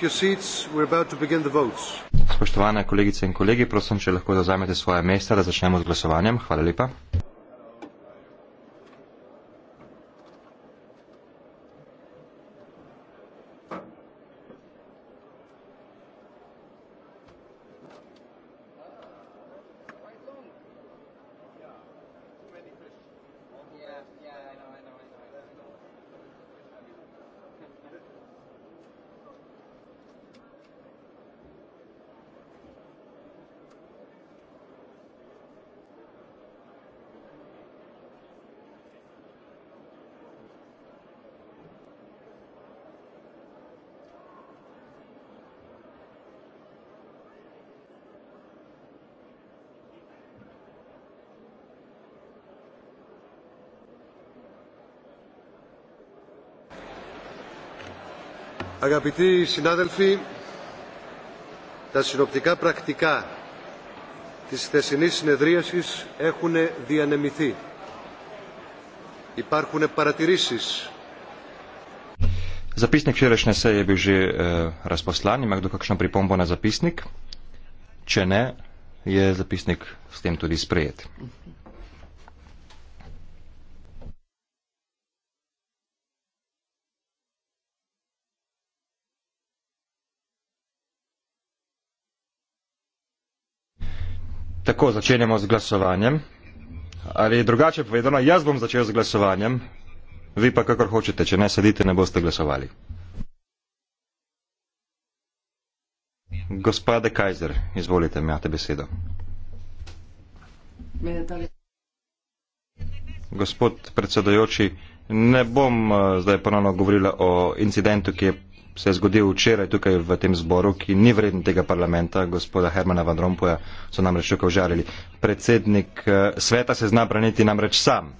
Spoštovane kolegice in kolegi, prosim, če lahko zauzamete svoje mesta, da začnemo z glasovanjem. Hvala lepa. αγαπητοί συνάδελφοι, τα συνοπτικά πρακτικά της θεσινής συνεδρίασης έχουν διανεμηθεί. Υπάρχουν παρατηρήσεις. Записник вчерашней сессии был уже э, распослан. Имею в виду, как что припомбо на записник. Че не, е записник с тем туди спрет. Mm -hmm. Tako, začenjamo z glasovanjem. Ali je drugače povedano, jaz bom začel z glasovanjem, vi pa kakor hočete, če ne sedite, ne boste glasovali. Gospode Kajzer, izvolite, imate besedo. Gospod predsedojoči, ne bom eh, zdaj ponovno govorila o incidentu, ki je se je zgodil včeraj tukaj v tem zboru, ki ni vreden tega parlamenta, gospoda Hermana Van Rompuja, so namreč tukaj užarili. Predsednik eh, sveta se zna braniti namreč sam.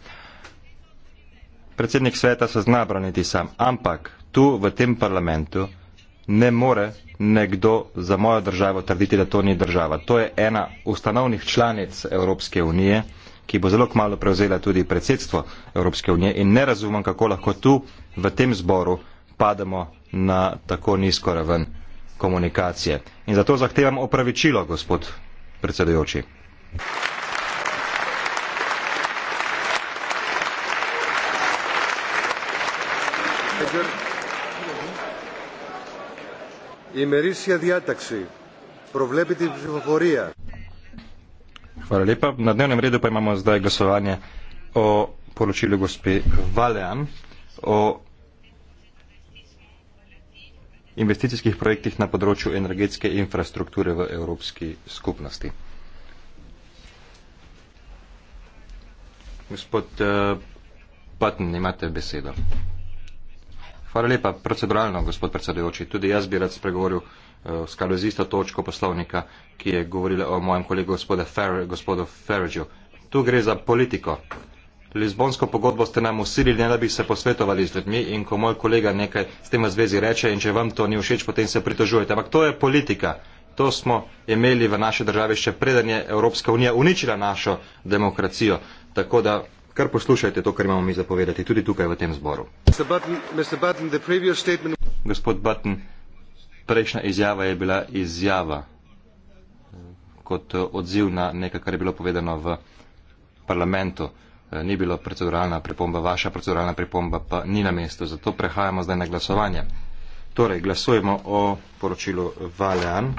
Predsednik sveta se zna braniti sam, ampak tu v tem parlamentu ne more nekdo za mojo državo trditi, da to ni država. To je ena ustanovnih članic Evropske unije, ki bo zelo kmalo prevzela tudi predsedstvo Evropske unije in ne razumem, kako lahko tu v tem zboru padamo na tako nizko raven komunikacije. In zato zahtevam opravičilo, gospod predsedujoči. Imerisija diataksi, provlepiti živohorija. Hvala lepa. Na dnevnem redu pa imamo zdaj glasovanje o poročilu gospe Valean o investicijskih projektih na področju energetske infrastrukture v Evropski skupnosti. Gospod eh, Patn, imate besedo. Hvala lepa, proceduralno, gospod predsedujoči. Tudi jaz bi rad spregovoril eh, v skladu z isto točko poslovnika, ki je govorila o mojem kolegu gospodu Ferridžu. Tu gre za politiko. Lizbonsko pogodbo ste nam usilili, ne da bi se posvetovali z ljudmi in ko moj kolega nekaj s tem v zvezi reče in če vam to ni všeč, potem se pritožujete. Ampak to je politika. To smo imeli v naši državi še preden je Evropska unija uničila našo demokracijo. Tako da kar poslušajte to, kar imamo mi zapovedati, tudi tukaj v tem zboru. Mr. Button, Mr. Button, statement... Gospod Button, prejšnja izjava je bila izjava eh, kot eh, odziv na nekaj, kar je bilo povedano v parlamentu. Eh, ni bilo proceduralna pripomba, vaša proceduralna pripomba pa ni na mestu. Zato prehajamo zdaj na glasovanje. Torej, glasujemo o poročilu Valean.